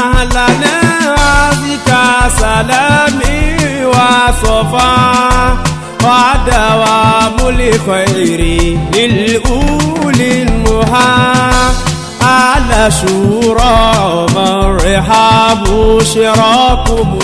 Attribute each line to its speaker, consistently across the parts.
Speaker 1: أهلا بك سلامي وصفا ودوام الخير للأولي المها على شورى مرحب شراكم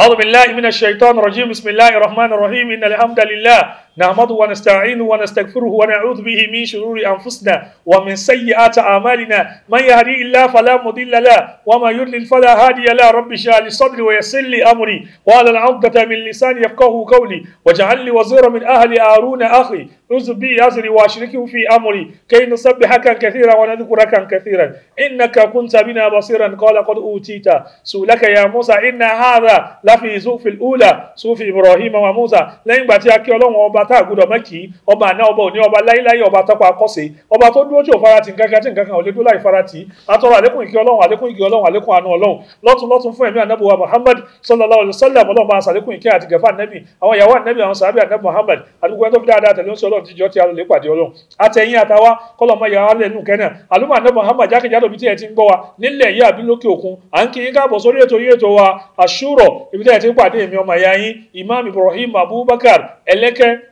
Speaker 1: أعوذ بالله من الشيطان الرجيم بسم الله الرحمن الرحيم إن الحمد لله نحمده ونستعين ونستغفره ونعوذ به من شرور أنفسنا ومن سيئات أعمالنا من يهدي الله فلا مضل له وما يضلل فلا هادي له رب اشرح لي صدري ويسر لي أمري وعلى العقدة من لساني يفقه قولي واجعل لي وزيرا من أهل أرون أخي اعذ بي أزري وأشركه في أمري كي نسبحك كثيرا ونذكرك كثيرا إنك كنت بنا بصيرا قال قد أوتيت سؤلك يا موسى إن هذا لفي زوف الأولى سوف إبراهيم وموسى لين باتي وبا ọba tá a gbọ́dọ̀ mẹ́kì ọba àná ọba òní ọba láyéláyé ọba tọ́pọ̀ akọ́sẹ̀ ọba tó dúró tí ò farati nkankan tí nkankan ò lè dúró láì farati atọ́rọ̀ àlékún ìkẹ́ ọlọ́run àlékún ìkẹ́ ọlọ́run àlékún àánú ọlọ́run lọ́tún lọ́tún fún ẹ̀mí ànábì wa muhammad sallallahu alayhi wa sallam ọlọ́run bá a sàlékún ìkẹ́ àti gẹ̀fà ànábì àwọn ìyàwó ànábì àwọn sàábì ànábì muhammad àdúgbò ẹni tó fi dáadáa tẹ̀lé oṣù ọlọ́run jíjọ tí a lè pàdé ọlọ́run àtẹ̀yìn àtàwa kọlọ́mọ yà á lẹ́nu kẹ́nà àlùmọ̀ ànábì muhammad jákèjádò bí tí ẹ ti ń gbọ́ wa nílẹ̀ yìí àbí lókè òkun à ń kí káàbọ̀ sórí ètò yìí ètò wa àṣúrọ̀ ibi tí ẹ ti ń pàdé èmi ọmọ ìyá yín imam ibrahim abubakar ẹlẹ́kẹ́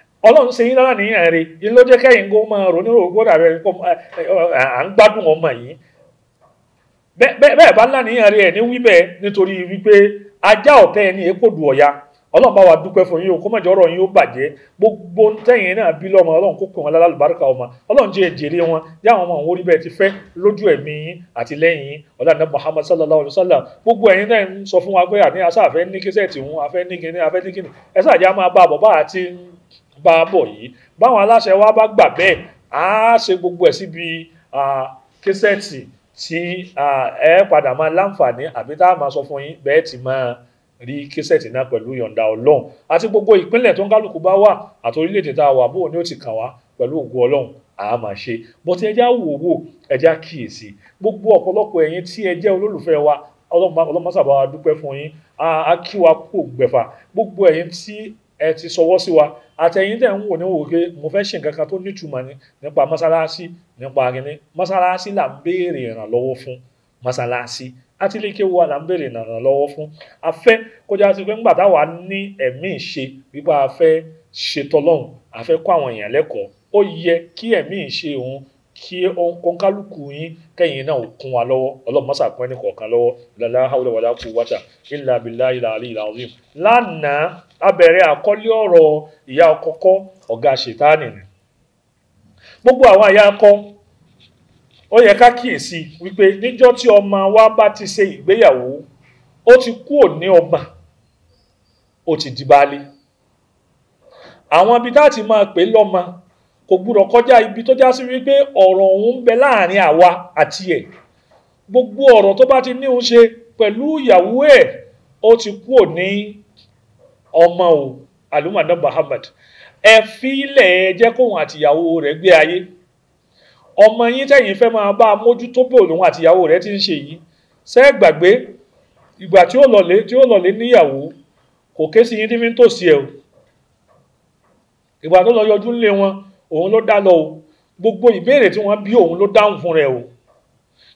Speaker 1: ọlọ́run ṣe yín lára ní ẹ̀rẹ́ yín ló jẹ́ kẹ́yìn kó máa rò nírò kó dàbẹ̀ kó à ń gbádùn ọmọ yìí bẹ́ẹ̀ bá láàní ẹ̀rẹ́ ẹ̀ ní wíbẹ̀ nítorí wípé ajá ọ̀tẹ́ ẹni èkó du ọ̀ya ọlọ́run bá wa dúpẹ́ fún yín o kó má jọ̀rọ̀ yín ó bàjẹ́ gbogbo tẹ̀yìn náà bí lọ́mọ ọlọ́run kó pè wọn lálùbáríkà ọmọ ọlọ́run jẹ́ èjèrè wọn yáwọn ọmọ òun orí ti fẹ́ lójú ẹ̀mí yín àti lẹ́yìn yín ọ̀làdá Muhammad sallallahu alayhi wa sallam gbogbo ẹ̀yin náà ń sọ fún wa pé àní asá àfẹ́ ní kíṣẹ́ tì ń afẹ́ ní kíní afẹ́ ní kíní ẹ sáà jẹ́ á máa bá àti bá bọ̀ yìí báwọn aláṣẹ wa bá gbà bẹ́ẹ̀ á ṣe gbogbo ẹ̀ síbi késẹ́ẹ̀tì tí ẹ padà máa láǹfààní àbí tá a máa sọ fún yín bẹ́ẹ̀ ti máa rí késẹ́ẹ̀tì náà pẹ̀lú yọ̀ǹda ọlọ́run àti gbogbo ìpínlẹ̀ tó ń kálukú bá wà àti orílẹ̀-èdè tá a wà bóun ni ó ti kàn wá pẹ̀lú ògo ọlọ́run a máa ṣe bó ti ẹja wò wò ẹja kíyèsí gbogbo ọ̀pọ̀lọpọ̀ ẹ̀yin tí ẹ jẹ́ olólùfẹ́ wa ọlọ́run sábà wa dúpẹ́ fún yín a kí wa kú ògbẹ̀fà gbogbo ẹ̀yin tí ẹ ti sọwọ́ sí wa àtẹ̀yìn tẹ̀ ń wò ní òwò pé mo fẹ́ ṣe nǹkan kan tó nítumọ̀ ni nípa mọ́sálásí nípa akínní mọ́sálásí là ń béèrè fún là ń béèrè ìrànlọ́wọ́ fún afẹ́ kọjá sí pé ńgbà ní ẹ̀mí ìṣe wípé a fẹ́ ṣetọ́lọ́hùn a àwọn èèyàn lẹ́kọ̀ọ́ ó yẹ kí ẹ̀mí ìṣe òun kí kọ́ńkálùkù yín kẹ́yìn náà kún wa lọ́wọ́ ọlọ́mọ́sà pẹ́ẹ́nì kọ̀ọ̀kan lọ́wọ́ abẹ̀rẹ̀ àkọ́lé ọ̀rọ̀ ìyá ọkọ̀kọ́ ọ̀gá ṣètánì ni gbogbo àwọn àyà akọ ó yẹ ká kíyèsí wípé níjọ́ tí ọmọ wa bá ti ṣe ìgbéyàwó ó ti kú òní ọgbà ó ti di baálé àwọn ibi tá a ti máa pè lọ́mọ kò gbúdọ̀ kọjá ibi tó já sí wípé ọ̀rọ̀ òun ń bẹ láàrin àwa àti ẹ̀ gbogbo ọ̀rọ̀ tó bá ti ní òun ṣe pẹ̀lú ìyàwó ẹ̀ ó ti kú òní ọmọ o alumada muhammad ẹ fílẹ̀ ẹ jẹ́ kóun àtìyàwó rẹ̀ gbé ayé ọmọ yín tẹ̀yìn fẹ́ máa bá a mójútó bò lòun àtìyàwó rẹ̀ ti ń ṣe yìí ṣe é gbàgbé ìgbà tí ó lọlé tí ó lọlé níyàwó kò ké sí yín tí fi ń tòsí ẹ o ìgbà tó lọ yọjú ńlé wọn òun ló dá lọ o gbogbo ìbéèrè tí wọ́n bí òun ló dáhùn fún rẹ̀ o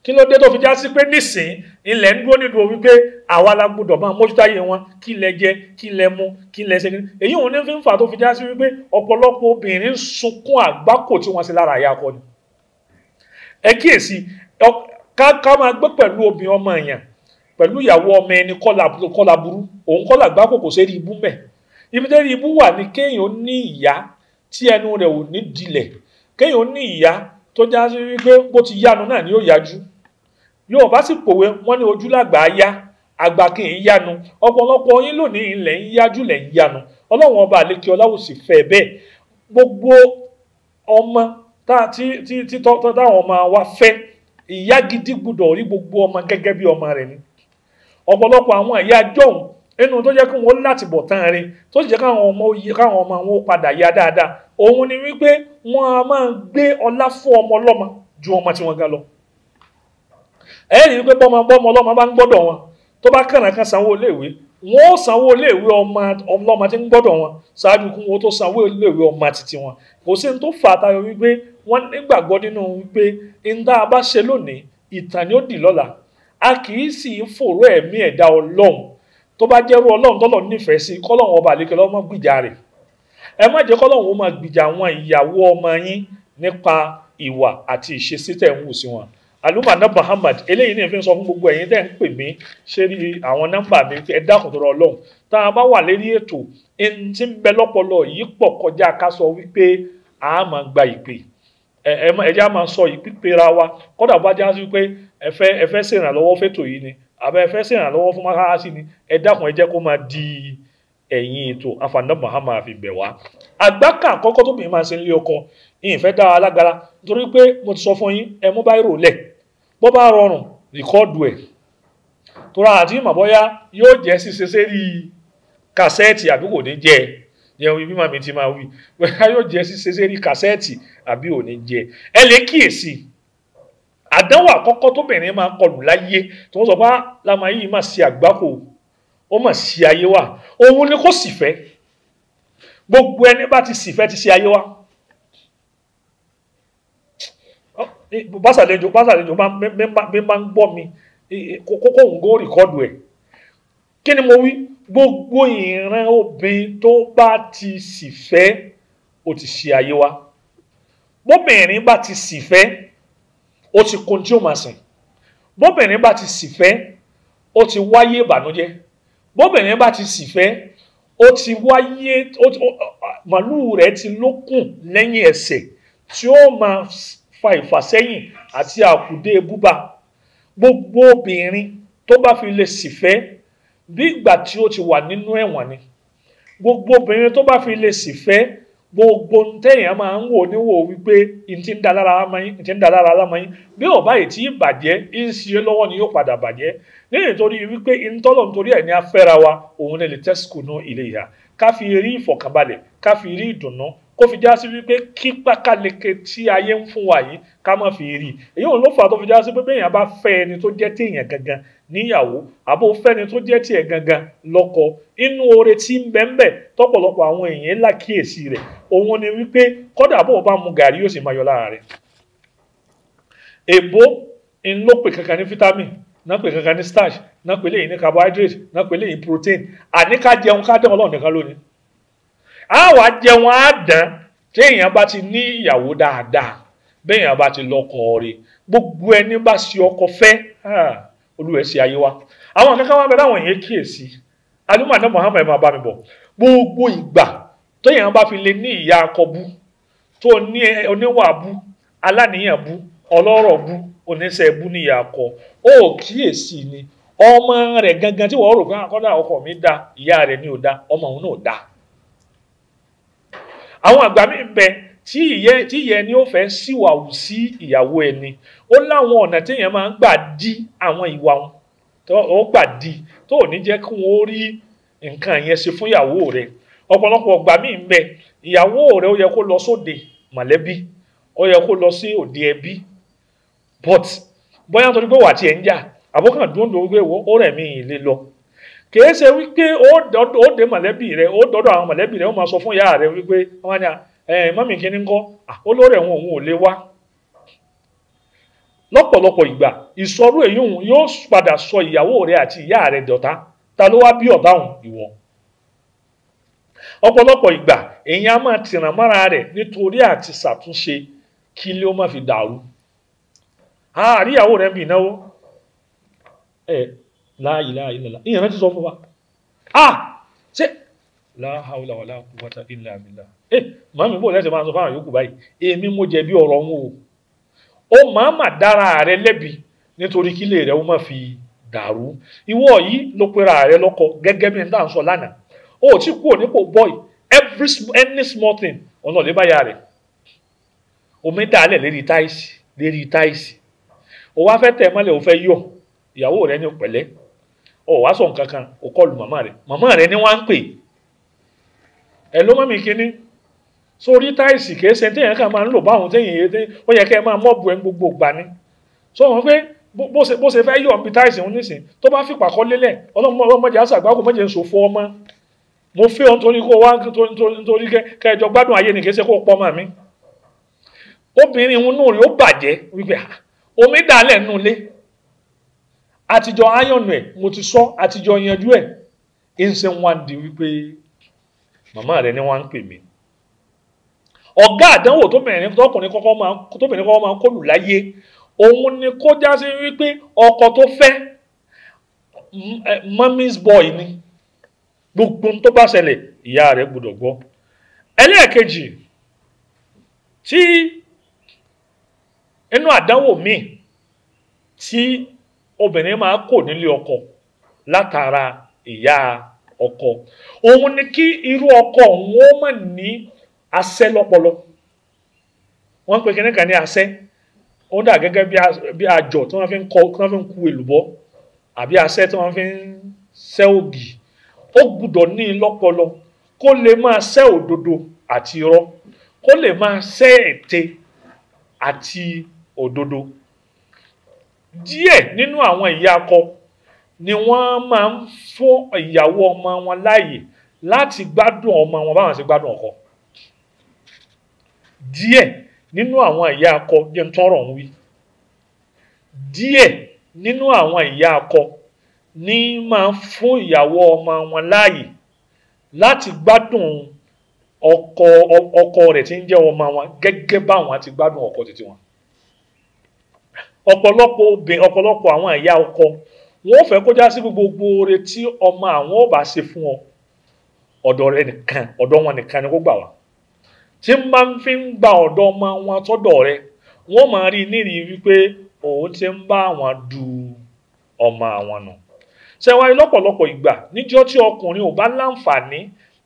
Speaker 1: kí ló dé tó fi já sí pé nísìn ilẹ̀ ń dúró nídùú wípé àwa la gbọdọ̀ máa mójútó ayé wọn kí lẹ jẹ kí lẹ mu kí lẹ ṣe èyí òun ní fi ń fà tó fi já sí wípé ọ̀pọ̀lọpọ̀ obìnrin ń sunkún àgbákò tí wọ́n ṣe lára àyà akọ ni. ẹ kíyèsí ká máa gbé pẹ̀lú obìnrin ọmọ èèyàn pẹ̀lú ìyàwó ọmọ ẹni kọ́là burú òun kọ́là àgbákò kò sérí ibú mẹ́ ibi tẹ́rí ibú wà ní kéèyàn ní tó já sí wípé bó ti yánu náà ni yóò yájú Yorùbá sì pòwe wọ́n ní ojú làgbà á yá àgbà kì í yánu ọ̀pọ̀lọpọ̀ yín lónìí ilẹ̀ ń yájú lẹ̀ ń yánu ọlọ́run ọba àlekí ọláwùsì fẹ́ bẹ́ẹ̀ gbogbo ọmọ tí táwọn ọmọ wa fẹ́ ìyá gidi gbọdọ̀ rí gbogbo ọmọ gẹ́gẹ́ bí ọmọ rẹ̀ ni ọ̀pọ̀lọpọ̀ àwọn ìyá jọ̀hún nínú tó jẹ́ kí wọ́n láti bọ̀ tán rí tó sì jẹ́ káwọn ọmọ káwọn ọmọ wọn padà yá dáadáa òun ni wípé wọ́n a máa gbé ọlá fún ọmọ ọlọ́mọ ju ọmọ tí wọ́n ga lọ. ẹ rí i pé bọ́mọ bọ́mọ ọlọ́mọ bá ń gbọ́dọ̀ wọn tó bá kànáà kan sanwó iléèwé wọn ó sanwó iléèwé ọmọ ọlọ́mọ tí ń gbọ́dọ̀ wọn ṣáájú kí wọn tó sanwó iléèwé ọmọ títí wọn kò sí ní tó fà á tayọ wípé wọ́n nígbàgbọ́ nínú wípé ní bá ṣe lónìí ìtàn ni ó dì lọ́la a kì í sì í fòró ẹ̀mí ẹ̀dá ọlọ́run tó bá jẹ́rú ọlọ́run tọ́lọ̀ nífẹ̀ẹ́ sí kọ́lọ́run ọba àlékẹ́ lọ́mọ gbìjà rẹ̀ ẹ má jẹ́ kọ́lọ́run ó máa gbìjà àwọn ìyàwó ọmọ yín nípa ìwà àti ìṣesí tẹ̀ ń wù sí wọn aluma na muhammad eléyìí ní ìfín sọ fún gbogbo ẹ̀yin tẹ́ ń pè mí ṣe rí àwọn nọ́mbà mi ẹ dákun tó rọ ọlọ́run tá a bá wà lérí ètò ẹni tí ń bẹ lọ́pọlọ yìí pọ̀ kọjá ká sọ wípé a máa gba ìpè ẹ̀jẹ̀ a máa sọ ìpè pera wa kódà bá já sí ẹ fẹ́ ṣèrànlọ́wọ́ fẹ́tò yìí ni abẹ́ fẹ́ ṣèrànlọ́wọ́ fún mọ́ṣáláṣí ni ẹ dákun ẹ jẹ́ kó máa di ẹ̀yìn ètò àfààní mahama fi bẹ̀ wá. àgbákà àkọ́kọ́ tó bìnrin máa ṣe nílé ọkọ ìyìn fẹ́ dára lágara nítorí pé mo ti sọ fún yín ẹ mú báyìí rò lẹ̀ bó bá rọrùn rìkọ́ọ̀dù ẹ̀ tora àti ìmọ̀bọ́yá yóò jẹ́ ṣíṣe sérí kàsẹ́ẹ̀tì àbí kò ní jẹ́ yẹn wí bí màmí ti máa wí bóyá yóò jẹ́ ṣíṣe sérí kàsẹ́ẹ̀tì àbí ò ní jẹ́ ẹ lè kíyèsí àdánwò àkọ́kọ́ tóbìnrin máa ń kọlù láyé tí wọ́n sọ pé ah, lámà yìí máa ṣe àgbákò ó mà ṣe ayé wa òun ni kò sì fẹ́ gbogbo ẹni bá ti sì fẹ́ ti ṣe ayé wa. pásàlejò pásàlejò mi máa ń gbọ́ mi kókó òun gó rìkọ́dù ẹ̀ kí ni mo wí gbogbo ìran obìnrin tó bá ti sì fẹ́ ó ti ṣe ayé wa bóbìnrin bá ti sì fẹ́ ó ti kun tí ó máa sìn bóbìnrin bá ti sì fẹ́ ó ti wáyé ìbànújẹ́ bóbìnrin bá ti sì fẹ́ ó ti wáyé màlúù rẹ̀ ti lókùn lẹ́yìn ẹsẹ̀ tí ó máa fa ìfàsẹ́yìn àti àkùdé búba gbogbo obìnrin tó bá fi lè sì fẹ́ bí ìgbà tí ó ti wà nínú ẹ̀wọ̀n ni gbogbo obìnrin tó bá fi lè sì fẹ́ gbogbo a máa ń wò níwò wípé ntí ń dalára amáyín ntí ń dalára alámáyín bí ọba yìí tí bàjẹ́ ń ṣe lọ́wọ́ ni yóò padà bàjẹ́ nítorí wípé ntọ́lọ̀ nítorí ẹ̀ ní afẹ́ra wa òun lè tẹ́sìkò náà ilé ìhà ká fi rí ìfọ̀kànbalẹ̀ ká fi rí ìdùnnú kó fi já sí wípé kí pákáleke tí ayé ń fún wa yìí ká má fi rí èyí òun ló fà tó fi já sí pé bẹ́ẹ̀ yẹn bá fẹ́ ẹni tó jẹ́ téèyàn gangan níyàwó àbò fẹ́ni tó jẹ́ tiẹ̀ gangan lọ́kọ inú oore tí ń bẹ ń bẹ tọ́pọ̀lọpọ̀ àwọn èèyàn ńlá kíyèsí rẹ̀ òun ni wípé kódà bó bá mu gàrí yóò sì máa yọ lára rẹ̀ èbó ń kankan ní vitamin náà kankan ní starch náà pè léyìn ní carbohydrate náà pè léyìn protein àní ká jẹun ká dán ọlọ́run nìkan lónìí àwa jẹun á dán téèyàn bá ti ní ìyàwó dáadáa béèyàn bá ti lọ́kọ rẹ̀ gbogbo ẹni bá ṣe ọkọ fẹ́ hàn. Ah, olúwa ṣe ayé wa àwọn kankan wà bẹ láwọn èèyàn kíyèsí alúmọ̀ àdán gbogbo ìgbà tó yẹn bá fi lè ní ìyá akọbú tó ní oníwà bú aláníyàn bú ọlọ́rọ̀ bú oníṣẹ́ ní ìyá ọmọ rẹ̀ gangan tí wọ́n rò pé ah, mi da ìyá rẹ̀ ni ọmọ òun náà tí ìyẹn tí ìyẹn ni ó fẹ́ síwàwù sí ìyàwó ẹni ó láwọn ọ̀nà téèyàn máa ń gbà dí àwọn ìwà wọn tó gbà dí tó ò ní jẹ́ kí wọ́n rí nǹkan yẹn ṣe fún ìyàwó rẹ ọ̀pọ̀lọpọ̀ ọ̀gbà míì ń ìyàwó rẹ ó yẹ kó lọ sóde mọ̀lẹ́bí ó yẹ kó lọ sí òde ẹbí but bóyá nítorí pé wà á tiẹ̀ ń jà dúndùn wípé ó ẹ eh, mọ́mí kí ni ń ah, olórí ẹ̀wọ̀n òun ò lè wá lọ́pọ̀lọpọ̀ ìgbà ìsọrú sọ ìyàwó rẹ àti ìyá rẹ dọta ta ló wá bí ọ̀tá ìwọ ọ̀pọ̀lọpọ̀ ìgbà èyí á máa tìràn mára nítorí àti ṣàtúnṣe kí má fi dàrú àríyàwó náwó ẹ láàyè láàyè ìyẹn náà ti sọ fún wa ah ṣé la hawla wala quwwata illa màmí bò lẹ́sẹ̀ máa sọ fáwọn yòókù báyìí èmi mo jẹ̀bi ọ̀rọ̀ wọn o ó máa mà dára rẹ lẹ́bi nítorí kílè rẹ ó má fi dàrú ìwọ yìí ló pera rẹ lọ́kọ gẹ́gẹ́ bí n dá ń sọ lánàá ó ti kú ònípò boy every any small thing ọ̀nà òde báyà rẹ̀ omi dàálẹ̀ lérí táìsì lérí táìsì ó wá fẹ́ tẹ̀ mọ́lẹ̀ ó fẹ́ yọ ìyàwó rẹ ní pẹ̀lẹ́ ó wá sọ nǹkan kan ó kọlù màmá rẹ màmá rẹ ni wọ́n á ń pè ẹ̀ ló mọ́ mi kínní sórí táìsì kèése téèyàn kàn máa ń lò báwọn téèyàn yé ó yẹ kẹ́ ẹ máa mọ́ọ̀bù ẹ gbogbo gbà ni sọ wọn pé bó ṣe fẹ́ yọ̀ ọ́n bí táìsì ń nísìn tó bá fìpà kọ́ lélẹ̀ ọlọ́mọdé àṣàgbákò mọ́jẹ ń sòfò ọmọ mo fẹ́ ọ́n torí kó wá nítorí kẹjọ gbádùn ayé nìkẹ́sẹ́ kó pọ́ mọ́ mi obìnrin inú rẹ̀ ó bàjẹ́ wípé ah, omi dàlẹ̀ nù lé àtijọ́ ayọ̀nù ẹ̀ mo ti sọ àtijọ́ yanjú ẹ̀ ń ṣe wọn di wípé màmá rẹ̀ ni wọ́n ń pè mí ọ̀gá àdánwò tóbìnrin tọkùnrin kọ́kọ́ máa tóbìnrin kọ́kọ́ máa ń kọlù láyé òun ni kó já sí wípé ọkọ tó fẹ́ mommy's boy ni gbogbo tó bá ṣẹlẹ̀ ìyá rẹ̀ gbọ́dọ̀ gbọ́ ẹlẹ́ẹ̀kejì tí inú àdánwò míì tí obìnrin máa kò nílé ọkọ látara ìyá ọkọ òun ni kí irú ọkọ òun ó mọ̀ ní asẹ́ lọ́pọlọ wọ́n pe kínní kan ní asẹ́ ó dà gẹ́gẹ́ bí àjọ tí wọ́n fi ń kọ tí wọ́n fi ń ku èlùbọ́ àbí asẹ́ tí wọ́n fi ń sẹ́ ògì ó gbúdọ̀ ní lọ́pọlọ kó lè máa sẹ́ òdodo àti irọ́ kó lè máa sẹ́ ète àti òdodo díẹ̀ nínú àwọn ìyá akọ ni wọ́n máa ń fún ìyàwó ọmọ wọn láàyè láti gbádùn ọmọ wọn báwọn ṣe gbádùn ọkọ díẹ̀ nínú àwọn ìyá akọ jẹ́ ń tọrọ ń wí díẹ̀ nínú àwọn ìyá akọ ní máa fún ìyàwó ọmọ wọn láàyè láti gbádùn ọkọ ọkọ rẹ̀ tí ń jẹ́ ọmọ wọn gẹ́gẹ́ báwọn ti gbádùn ọkọ títí wọn ọ̀pọ̀lọpọ̀ obìnrin ọ̀pọ̀lọpọ̀ àwọn ìyá ọkọ wọn ò fẹ́ kó já sí gbogbo oore tí ọmọ àwọn ò bá ṣe fún ọ ọ̀dọ̀ rẹ̀ nìkan ọ̀dọ̀ wọn nìkan ni kó gbà wá tí máa ń fi ń gba ọ̀dọ́ ọmọ wọn tọ́dọ̀ rẹ wọ́n máa rí nírìí wípé òun ti ń bá àwọn du ọmọ àwọn nù. sẹ́wáyé lọ́pọ̀lọpọ̀ ìgbà níjọ́ tí ọkùnrin ò bá láǹfààní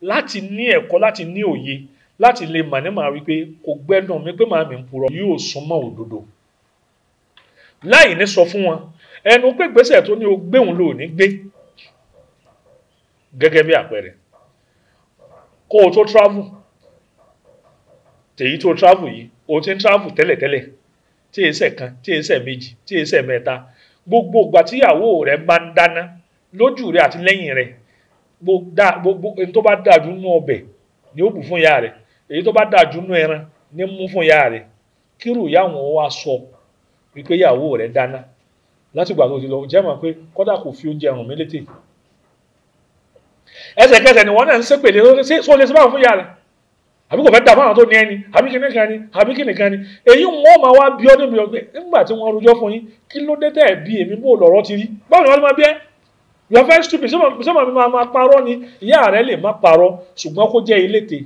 Speaker 1: láti ní ẹ̀kọ́ láti ní òye láti lè mà ní màá wípé kò gbẹ́dùn mi pé màá mi ń purọ́ yóò súnmọ́ òdodo. láì ní sọ fún wọn ẹnu pé gbèsè tó ní o gbéhùn lò ní gbé gẹ́gẹ́ bí àpẹẹrẹ kó o tó travel èyí tó travel yìí o ti ń travel tẹ́lẹ̀tẹ́lẹ̀ tí èsẹ̀ kan tí èsẹ̀ méjì tí èsẹ̀ mẹ́ta gbogbo ìgbà tíyàwó rẹ̀ máa ń dáná lójú rẹ̀ àti lẹ́yìn rẹ̀ gbogbo èyí tó bá dájú nínú ọbẹ̀ ni ó bù fún ìyá rẹ̀ èyí tó bá dájú nínú ẹran ni mú fún ìyá rẹ̀ kírù ìyáwọn wa sọ wípé ìyàwó rẹ̀ dáná látìgbà tó ti lọ jẹ́ mọ̀ pé kọ́dà kò fi oúnjẹ rùn mí létè ẹsẹ̀kẹsẹ̀ ni wọ́n náà ń ṣépèlé sóde sí báwọn fún ìyá rẹ̀ àbí kò fẹ́ dà fáwọn tó ní ẹni àbí kíní kan ni àbí kíní ni èyí wọn máa wá bí ọdún mìíràn pé nígbà tí wọ́n rojọ́ fún yín kí ló dé tẹ̀ bí èmi bò lọ́rọ́ ti rí báwo ni wọ́n máa bí ẹ́ yọ fẹ́ mi máa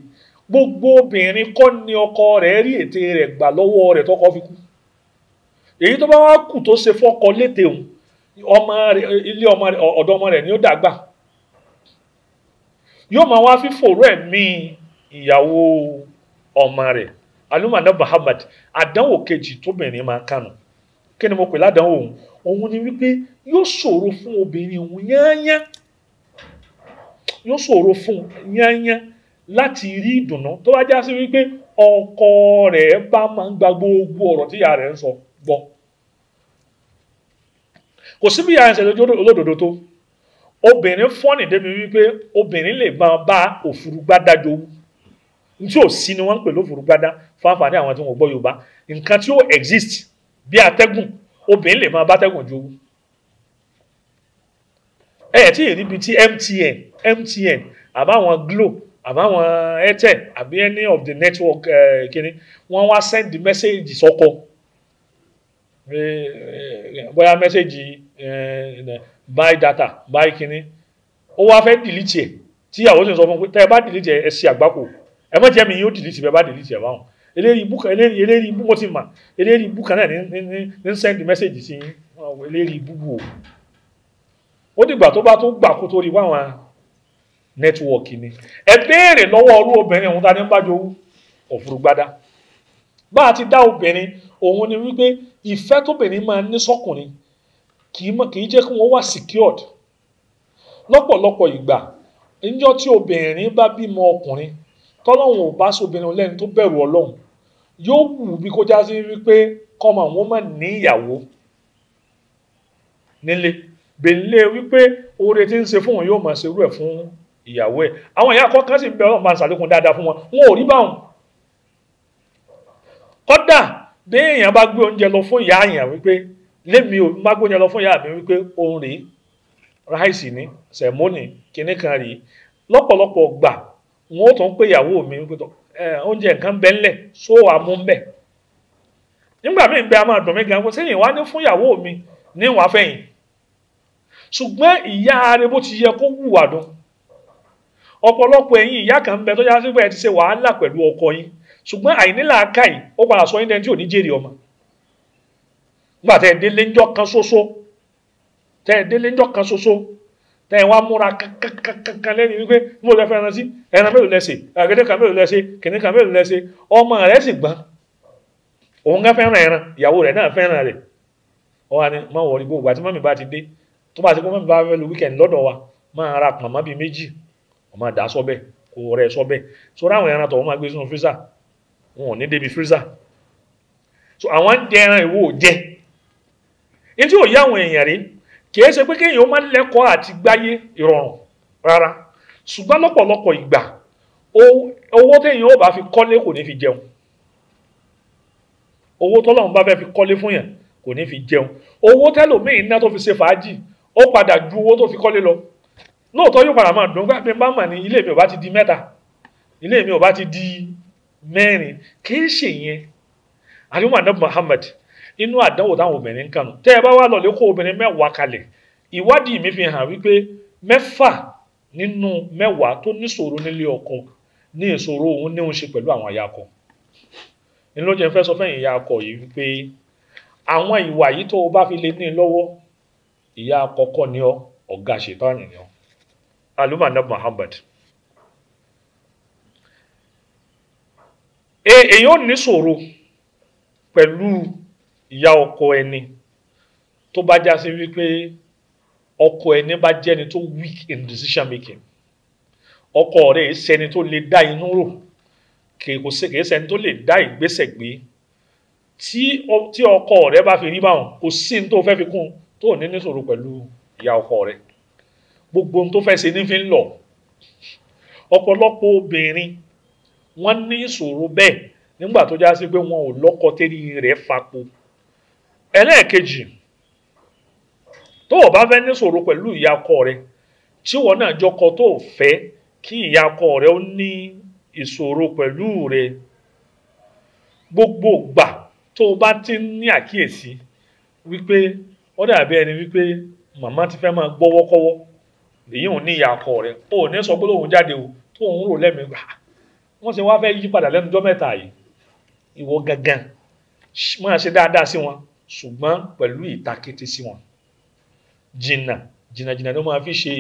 Speaker 1: gbogbo obìnrin kọ́ ni ọkọ rẹ̀ rí ète gbà lọ́wọ́ rẹ̀ tọkọ fi kú èyí tó bá wá kù ọmọ rẹ̀ ilé ọmọ ìyàwó ọmọ rẹ̀ alumana Muhammad àdánwò kejì tóbìnrin máa kànú kí ni mo pè ládánwò òun òun ni wípé yóò ṣòro fún obìnrin òun yányán yóò ṣòro fún yányán láti rí ìdùnnú tó bá já sí wípé ọkọ rẹ bá máa ń gba gbogbo ọ̀rọ̀ tíyà rẹ̀ ń sọ gbọ́ kò sí bí àyànṣe olódodo tó obìnrin fọ́nì débi wípé obìnrin lè máa bá òfurufú gbádájọ wú tí ò sí ni wọ́n ń pè lófùrúgbádá fáfàní àwọn tí wọ́n gbọ́ yorùbá nǹkan tí ó exist bí atẹ́gùn obìnrin lè máa bátẹ́gùn jowú ẹ ẹ̀ tí ì ríbi tí MTN MTN àbáwọn Glo àbáwọn Airtel àbí any of the network kìíní wọ́n wá send the message sọ́kọ bóyá message buy data buy kìíní ó wá fẹ́ delete ẹ̀ tíyàwó sì sọ fún un pé tẹ́ ẹ bá delete ẹ̀ ẹ̀ ṣe àgbákò ẹ mọ̀ jẹ́ mi yóò dìlítì bẹ́ẹ̀ bá dìlítì ẹ̀ báwọn eléyìí ibú kan eléyìí ibú mo ti mà eléyìí ibú kan náà ní ní ní send message sí eléyìí ibú wò ó dìgbà tó bá tó gbà kó tó rí wáwọn nẹ́tíwọ̀kì ni ẹ béèrè lọ́wọ́ ọrú obìnrin òun ta ní bá jowú ọ̀furùgbádá bá a ti dá obìnrin òun ni wípé ìfẹ́ tóbìnrin máa ní sọ́kùnrin kì í jẹ́ kí wọ́n wà secured lọ́pọ̀lọpọ̀ ìgbà níjọ́ tí obìnrin bá bímọ ọkùnrin tọ́lọ́run ò bá sóbìnrin lẹ́ni tó bẹ̀rù ọlọ́run yóò wù bí kó já sí wípé kọ́mọ àwọn mọ̀ ní ìyàwó nílé bèlè wípé oore tí ń ṣe fún òun yóò máa ṣerú ẹ̀ fún ìyàwó ẹ̀ àwọn ìyá kọ́kọ́ sì bẹ̀rù máa ṣàlékún dáadáa fún wọn wọn ò rí báwọn kódà bí èèyàn bá gbé oúnjẹ lọ fún ìyá èèyàn wípé lémi ò má gbóúnjẹ lọ fún ìyá mi wípé òun ráìsì ní sẹ̀mónì kinní rèé lọ́pọ̀lọpọ̀ gbà wọn ó tún pé ìyàwó mi pẹtọ oúnjẹ nǹkan bẹ ńlẹ̀ só àmú ńbẹ nígbà míì bẹ a máa dùn mí gan pé wá ní fún ìyàwó mi ní ìwà fẹ̀yìn ṣùgbọ́n ìyá rẹ bó ti yẹ kó wùwà dùn ọ̀pọ̀lọpọ̀ ẹ̀yin ìyá kan bẹ tó yá sí pé ẹ ti ṣe wàhálà pẹ̀lú ọkọ yín ṣùgbọ́n àìnílà káì ó padà sọ ẹni tí ò ní jèrè ọmọ nígbà tẹ ẹ délé ńjọ́ kan ṣoṣo tẹ ẹ délé ńjọ́ kan ṣoṣo tẹ́yìn wá múra kankankankan lẹ́yìn wípé mo lọ fẹ́ ẹran sí ẹran mélòó lẹ́sẹ̀ àgẹ́dẹ́ kan mélòó lẹ́sẹ̀ kìnìún kan mélòó lẹ́sẹ̀ ọmọ rẹ̀ sì gbọ́n òun ká fẹ́ràn ẹran ìyàwó rẹ̀ náà fẹ́ràn rẹ̀ ọ wa ni máa wọ̀rí gbogbo àti mọ́mì bá ti dé tó bá ti kó mọ́mì bá fẹ́ lu wíkẹ̀ndì lọ́dọ̀ wa máa ra pọ̀nmọ́ bíi méjì ó máa dà sọ́bẹ̀ kó rẹ̀ sọ́bẹ̀ so ráwọn ẹran tó wọ́n máa gbé sínú fírísà wọn ò ní débi fírísà so àwọn ń jẹ ẹran ìwò jẹ ní tí ò yá kìí ṣe pé kéèyàn má lẹ́kọ̀ọ́ àti gbáyé ìrọ̀rùn rárá ṣùgbọ́n lọ́pọ̀lọpọ̀ ìgbà owó téèyàn ò bá fi kọ́lé kò ní fi jẹun owó tọ́lọ́run bá fẹ́ fi kọ́lé fún yẹn kò ní fi jẹun owó tẹ́lòmíì ná tó fi ṣe fàájì ó padà ju owó tó fi kọ́lé lọ lóòótọ́ yóò padà máa dùn gbàgbé bá mà ní ilé mi ò bá ti di mẹ́ta ilé mi ò bá ti di mẹ́rin kì í ṣe yẹn alimọ̀ Muhammad inú àdánwò táwọn obìnrin kànú tẹ́ ẹ bá wà lọ́lẹ́ kó obìnrin mẹ́wàá kalẹ̀ ìwádìí mi fi hàn wípé mẹ́fà nínú mẹ́wàá tó níṣòro nílé ọkọ ní ìṣòro òun ní òun ṣe pẹ̀lú àwọn aya akọ ní ló jẹ́ fẹ́ sọ fẹ́yìn ìyá akọ yìí wípé àwọn ìwà yìí tó o bá fi lè ní lọ́wọ́ ìyá akọkọ ni ọ ọ̀gá ṣètọ́nì ni alumana Muhammad èèyàn ò ní ṣòro pẹ̀lú ìyá ọkọ ẹni tó bá já sí wípé ọkọ ẹni bá jẹ́ ẹni tó weak in decision making ọkọ rẹ̀ èsì ẹni tó lè dá inú rò kò sí èsì ẹni tó lè dá ìgbésẹ̀ gbé tí ọkọ rẹ̀ bá fi rí báwọn kò sí ní tó fẹ́ fi kún tó ní níṣòro pẹ̀lú ìyá ọkọ rẹ̀ gbogbo ohun tó fẹ́ ṣe ní fi ń lọ ọ̀pọ̀lọpọ̀ obìnrin wọ́n ní ìṣòro bẹ́ẹ̀ nígbà tó já sí pé wọn ò lọ́kọ tẹ́lẹ̀ rẹ̀ fapo. ẹlẹ́ẹ̀kejì tó o bá fẹ́ nísòro pẹ̀lú ìyá rẹ tí wọn náà jọkọ tó o fẹ́ kí ìyá rẹ ó ní ìṣòro pẹ̀lú rẹ gbogbo gbà tó o bá ti ní àkíyèsí wípé ó dàbí ẹni wípé màmá ti fẹ́ máa èyí ò ní rẹ o ò ní sọ pé lóun o tó òun rò lẹ́mìí gbà ah, wọ́n ti wá fẹ́ yí padà lẹ́nu jọ́ gangan máa ṣe dáadáa sí wọn ṣùgbọ́n pẹ̀lú ìtakété sí wọn jìnnà jìnnà jìnnà ni wọ́n máa fi ṣe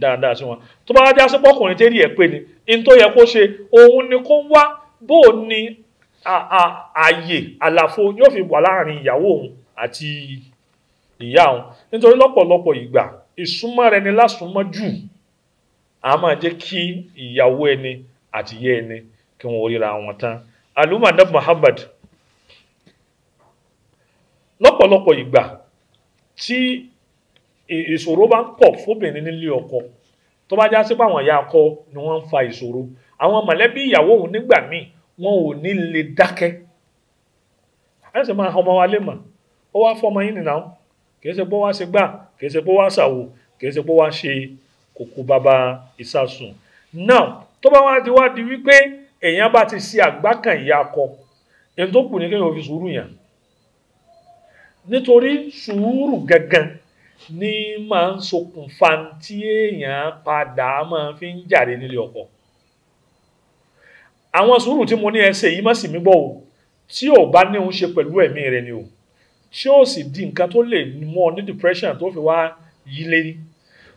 Speaker 1: dáadáa sí wọn tó bá dá sípò ọkùnrin tẹ́lì ẹ̀ pé ni in tó yẹ kó ṣe òun ni kó wá bó o ní ààyè àlàfo yóò fi wà láàrin ìyàwó òun àti ìyá òun nítorí lọ́pọ̀lọpọ̀ ìgbà ìsúnmọ́ rẹ ni lásùnmọ́ jù a máa jẹ́ kí ìyàwó ẹni àti ẹni kí wọ́n ríra wọn tán alumadu muhammad lọ́pọ̀lọpọ̀ ìgbà tí ìṣòro bá ń pọ̀ fóbìnrin nílé ọkọ tó bá já sí pé àwọn ìyá akọ ni wọ́n ń fa ìṣòro àwọn mọ̀lẹ́bí ìyàwó òun nígbà míì wọn ò ní lè dákẹ́ ẹ sì máa ọmọ wa lè mọ̀ ó wá fọmọ yín nìyàwó kìí ṣe pé wá ṣe gbà kìí ṣe pé wá ṣàwò kìí ṣe pé wá ṣe kòkó bàbá ìsásùn náà tó bá wá ti wá di wípé èèyàn bá ti ṣe àgbákàn ìyá akọ èyí tó kù ní kéèyàn fi sùúrù yàn nítorí sùúrù gangan ni máa ń ṣokùnfà tí èèyàn padà máa fi ń jàre nílé ọkọ àwọn sùúrù tí mo ní ẹsẹ yìí má sì mí gbọ́ o tí ò bá ní òun ṣe pẹ̀lú ẹ̀mí rẹ ni o ṣé ó sì di nǹkan tó lè mú ní depression tó fi wá yí lérí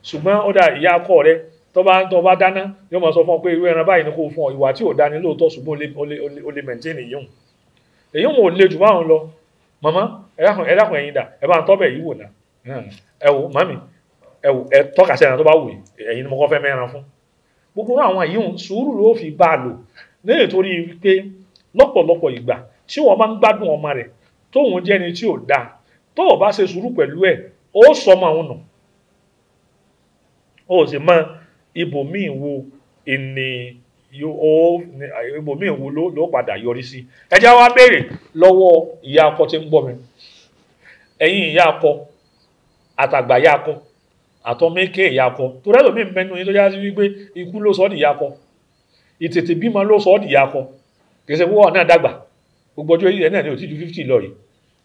Speaker 1: ṣùgbọ́n ó dà ìyá akọ rẹ tó bá tó bá dáná yóò máa sọ fún ọ pé irú ẹran báyìí ni kò fún ọ ìwà tí ò dání lóòótọ́ ṣùgbọ́n ó lè maintain èyí hùn èyí hùn ò le jù báwọn lọ mama ẹ dákun ẹ dákun ẹ̀yin dà ẹ bá ń tọ́ bẹ̀ yìí wò ná ẹ wò mami ẹ wò ẹ tọ́ka sí ẹran tó bá wù yìí ẹ̀yin ni mo kọ́ fẹ́ mẹ́ran fún gbogbo àwọn yìí ń sùúrù ló fi bá a lò lẹ́yìn torí pé lọ́pọ̀lọpọ̀ ìgbà tí wọ́n bá ń gbádùn ọmọ rẹ̀ tóun jẹ́ ẹni tí ò dáa tó o bá ṣe sùúrù pẹ̀lú ẹ̀ ó sọmọ àwọn nù ó sì mọ ibòmíì wo ìní ibòmíì wo ló padà yọrí sí ẹ jẹ́ wá béèrè lọ́wọ́ ìyá akọ tí ń gbọ́ mi ẹ̀yin ìyá akọ àtàgbà ìyá akọ àtọ́mẹ́kẹ́ ìyá akọ torí ẹlòmíì mẹ́nu yín tó yá sí wípé ikú ló sọ ọ́ nìyá akọ ìtètè bímọ ló sọ ọ́ nìyá akọ kì í náà dàgbà gbogbo ọjọ́ yìí náà ni ò tí ju fifty lọ yìí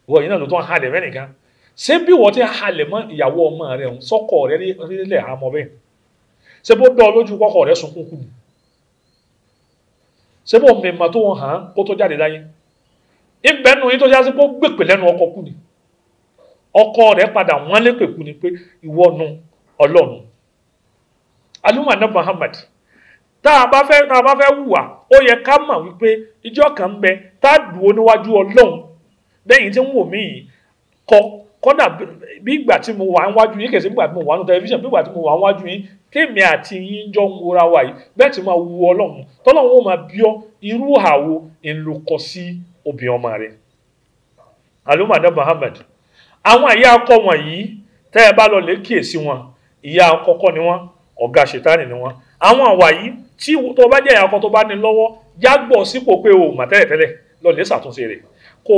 Speaker 1: wọ́ọ̀ yìí náà ló tún halẹ̀ mẹ́nìkan ṣé bí wọ́n ti halẹ̀ mọ́ ìyàwó ọmọ rẹ̀ sọ́kọ̀ rẹ̀ rí lẹ̀ àmọ́ bẹ́ẹ̀ ṣé bó dọ́ lójú kọ́kọ́ rẹ̀ sunkún kù sẹ́bọ̀ mẹ́mà tó wọn hàn kó tó jáde láyé ibẹ̀ nù yín tó yá ọkọ rẹ ni ọkọ rẹ̀ padà wọ́n lé kú ni pé ìwọ nu ọlọ́run alimu náà Muhammad tá a bá fẹ́ tá a bá fẹ́ wùwà ó yẹ kódà bí ìgbà tí mo wà níwájú yín kèsì ìgbà tí mo wà ní tẹlifíṣàn bí ìgbà tí mo wà níwájú yín kémi àti yín jọ ń wora wa yìí bẹ́ẹ̀ tí máa wu ọlọ́run tọ́lọ́run ó máa bí irú àwo ńlọkọ sí obìnrin ọmọ rẹ̀ alumada Muhammad àwọn ìyá ọkọ wọ̀nyí tẹ́ ẹ bá lọ lè kíyèsí wọn ìyá ọkọ kọ́ ni wọ́n ọ̀gá ṣètánì ni wọ́n àwọn àwà yìí tí tó bá jẹ́ ìyá ọkọ tó bá ní lọ́wọ́ jágbọ̀ sípò pé o mà tẹ́lẹ̀tẹ́lẹ̀ lọ lè ṣàtúnṣe rẹ̀ kó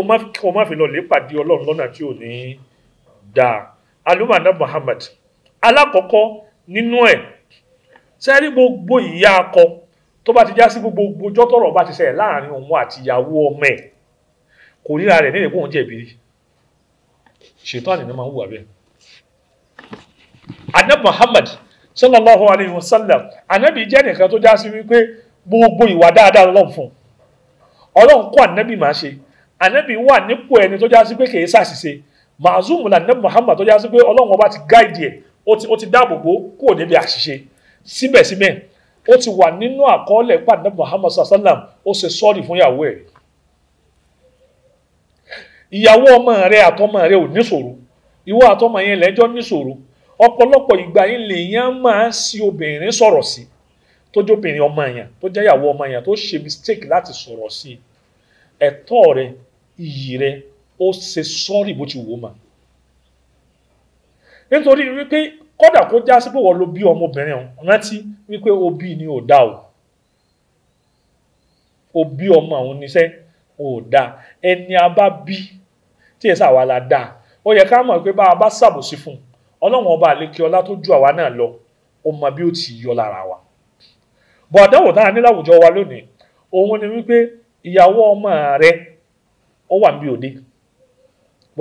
Speaker 1: o má fi lọ lè pàdé ọlọ́run lọ́nà tí ò ní í da alumana Muhammad alákọ̀ọ́kọ́ nínú ẹ̀ sẹ́rí gbogbo ìyá akọ tó bá ti já sí gbogbo ọjọ́ tọ́rọ̀ bá ti ṣẹlẹ̀ láàrin òun àti ìyàwó ọmọ ẹ̀ kò ríra rẹ̀ nílẹ̀ kóun jẹ̀bi rí ṣètò àná máa ń wà bẹ́ẹ̀. Ànábì Muhammad sallallahu alayhi wa sallam ànábì jẹ́ nìkan tó já sí wípé gbogbo ìwà dáadáa lọ́n fún ọlọ́run kọ́ ànábì máa ṣe ànábì wà nípò ẹni tó já sí pé kì í ṣàṣìṣe mazum lànà muhammad tó jásí pé ọlọ́run ọba ti gáìdì ẹ̀ ó ti dáàbò bò kúrò níbi àṣìṣe síbẹ̀síbẹ̀ ó ti wà nínú àkọọ́lẹ̀ pàdé muhammad sallam ó ṣe sọ́ọ̀rì fún ìyàwó ẹ̀ ìyàwó ọmọ rẹ àtọmọ rẹ ò níṣòro ìwọ àtọmọ yẹn lẹ́jọ́ níṣòro ọ̀pọ̀lọpọ̀ ìgbà yẹn lèèyàn máa ń si obìnrin sọ̀rọ̀ sí tó jẹ́ obìnrin ọmọ yẹn tó jẹ́ ìyàwó ọmọ yẹn tó ṣe mistake láti sọ̀rọ̀ sí ẹ̀tọ́ rẹ iyì rẹ ó ṣe sọ́ọ̀rì bó ti wò ó mà nítorí wípé kódà kó já sí pé wọ́n lo bí ọmọbìnrin ọ̀hún rántí wípé òbí ni ò dá o òbí ọmọ àwọn oníṣẹ́ ò dá ẹni a bá bí tí ẹ̀ sàwa la dá ó yẹ ká mọ̀ pé bá a bá ṣàbòsí fún un ọlọ́run ọba àlékè ọlá tó ju àwa náà lọ ó mọ bí ó ti yọ lára wa bọ̀ àdánwò tá a ní láwùjọ wa lónìí òun ni wípé ìyàwó ọmọ rẹ ó wà níbi òde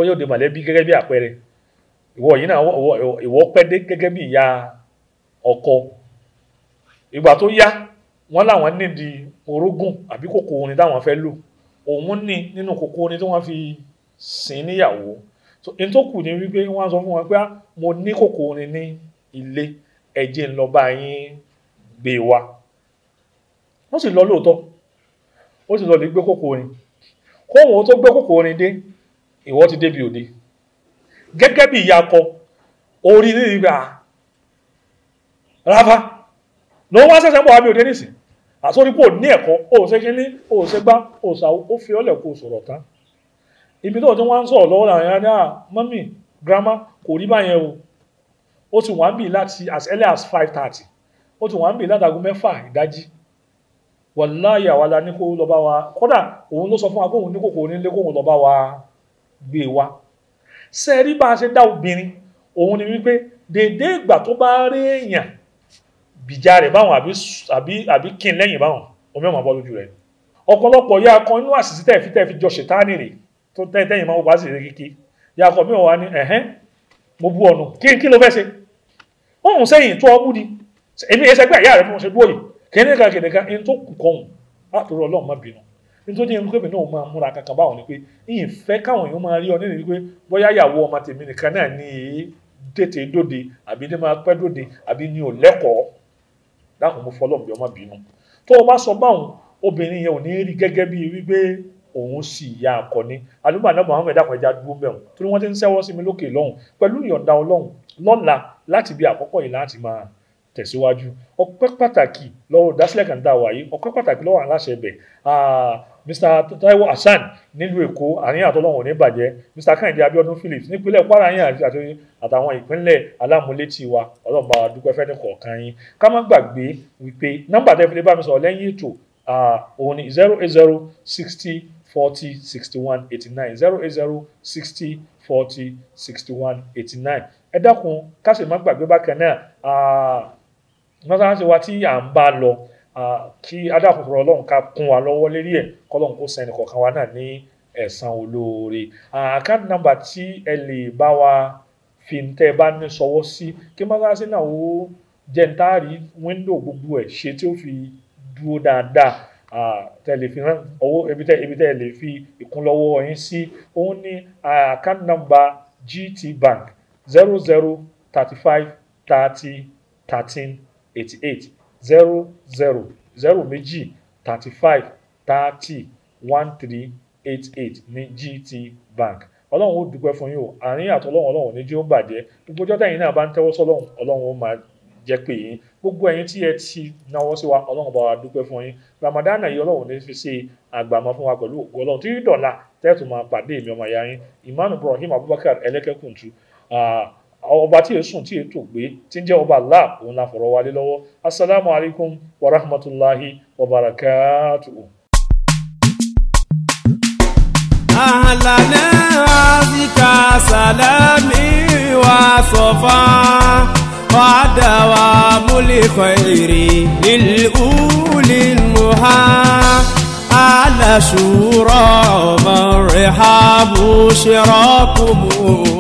Speaker 1: bóyá òde mọ̀lẹ́bí gẹ́gẹ́ bí àpẹẹrẹ ìwọ yìí náà ìwọ pẹ́ dé gẹ́gẹ́ bí ìyá ọkọ ìgbà tó yá wọn làwọn nídìí orógùn àbí kòkò orin táwọn fẹ́ lò òun ní nínú kòkò orin tí wọ́n fi sìn níyàwó n tó kù ní wípé wọ́n sọ fún wọn pé ah, mo ní kòkò orin ní ilé ẹ jẹ́ ń lọ bá yín gbé wa wọ́n sì lọ lóòótọ́ ó sì lọ lè gbé kòkò orin kóhùn tó gbé kòkò orin dé ìwọ ti débi òde gẹ́gẹ́ bí ìyá akọ orí ní ìgbà ráfá ló wá sẹ́sẹ́ wá bí òde nìsín àsórí pò ní ẹ̀kọ́ ó ṣe ó ṣe gbá ó ṣàwó ó fi ọlẹ̀ kó sọ̀rọ̀ tán ibi ń sọ̀rọ̀ lọ́wọ́ làwọn mọ́mì kò rí báyẹn o ó ti bì láti as early as five thirty ó ti wà ń mẹ́fà ìdájí wàláyà ní kó bá wa kódà òun fún wa ní gbé wá ṣe rí bá a ṣe dá obìnrin òun ni wípé dédé ìgbà tó bá rí èèyàn bìjà rẹ̀ báwọn àbí kí n lẹ́yìn báwọn omi ọmọ bọ́ lójú rẹ̀ ọ̀pọ̀lọpọ̀ ya kan inú àṣìṣe tẹ̀ fi tẹ̀ fi jọ ṣètánì rè tó tẹ̀ tẹ̀yìn máa wá sí rẹ̀ kíkí ya kan mi ò ní ẹ̀hẹ́n mo bú ọ̀nà kí kí ló fẹ́ ṣe òun sẹ́yìn tó ọbú ni èmi ẹsẹ̀ pé àyà rẹ̀ fún mo ṣe bú òyìn nítorí jẹ́ irúgbẹ́ mi náà máa múra kankan báwọn ni pé ìyìn fẹ́ káwọn èèyàn máa rí ọ nínú wípé bóyá ìyàwó ọmọ tèmi nìkan náà ní tètè dòde àbí ní máa pẹ́ dòde àbí ní ò lẹ́kọ̀ọ́ dákun mo fọlọ́ bí ọmọ bínú tó o bá sọ báwọn obìnrin yẹn ò ní rí gẹ́gẹ́ bíi wípé òun sì ya akọni àdúgbò àná Muhammed dákun ẹja dúró mẹ́wọ̀n torí wọ́n ti ń sẹ́wọ́ sí mi lókè lọ́hùn pẹ̀lú ìyọ̀ǹda Ọlọ́hun lọ́la láti bí àkọ́kọ́ yìí láti máa tẹ̀síwájú ọpẹ́ pàtàkì lọ́wọ́ dásílẹ̀ kan tá a ọpẹ́ pàtàkì lọ́wọ́ aláṣẹ bẹ̀ mr taiwo hasan nílùú èkó àárín àtọ́lọ́hún ní bàjẹ́ mr kẹ́hìndé abiodun phillips nípínlẹ̀ kwara yín àtàwọn ìpínlẹ̀ alámúlétì wa ọlọ́run bá wa dúpẹ́ fẹ́ ní kọ̀ọ̀kan yín ká má gbàgbé wípé nọ́mbà tẹ́ fi lè bá mi sọ̀rọ̀ lẹ́yìn ètò òun ni zero eight zero sixty forty sixty one eighty nine zero eight zero sixty forty sixty one eighty nine ẹ dákun ká sì má gbàgbé bákan náà mọ́sánsì wa tí à ń bá lọ kí adáàfin sọ̀rọ̀ ọlọ́run ká kún wa lọ́wọ́ lérí ẹ̀ kọ́lọ́run kó sẹ́ni kọ̀ọ̀kan wa náà ní ẹ̀san olóore àkáǹtì nàmbà tí ẹ lè bá wa fi ń tẹ́ ẹ bá ní sọwọ́ sí kí mọ́sáàsì náà ó jẹ́ wíńdò gbogbo ẹ̀ ṣe tí ó fi dúró dáadáa tẹ́ lè fi rán owó ibi tẹ́ ibi lè fi ìkúnlọ́wọ́ yín sí òun ní àkáǹtì nàmbà GT Bank zero zero thirty five thirty thirteen eighty eight zero zero zero méjì thirty five thirty one three eight eight ní GT Bank ọlọ́run ó dúpẹ́ fún yín o àárín àtọ́lọ́run ọlọ́run ní jí ó bàjẹ́ gbogbo ọjọ́ tẹ̀yìn náà bá ń tẹ́wọ́ sọ́lọ́run ọlọ́run ó máa jẹ́ pé yín gbogbo ẹ̀yin tí ẹ ti náwó sí wa ọlọ́run bá wa dúpẹ́ fún yín Ramadan yìí ọlọ́run ní fi ṣe àgbàmọ́ fún wa pẹ̀lú ògo ọlọ́run tí dọ̀la tẹ́ẹ̀tù máa pàdé èmi ọmọ ìyá yín Imam Ibrahim Abubakar ẹlẹ́kẹ̀kùntù ah, àwọn ọba tí èsùn tí ètò gbé tí ń jẹ́ ọba Allah òun la fọ̀rọ̀ wálé lọ́wọ́ asalaamu alaykum wa rahmatulahi wa barakatuhu. àlànà àfikà sàlámì wà sọ̀fà wàdàwà múlẹ̀kọ̀ èrè nílùú muha àlàṣúrọ̀ mọ̀rẹ̀hábù ṣẹ̀rọ̀kùmù.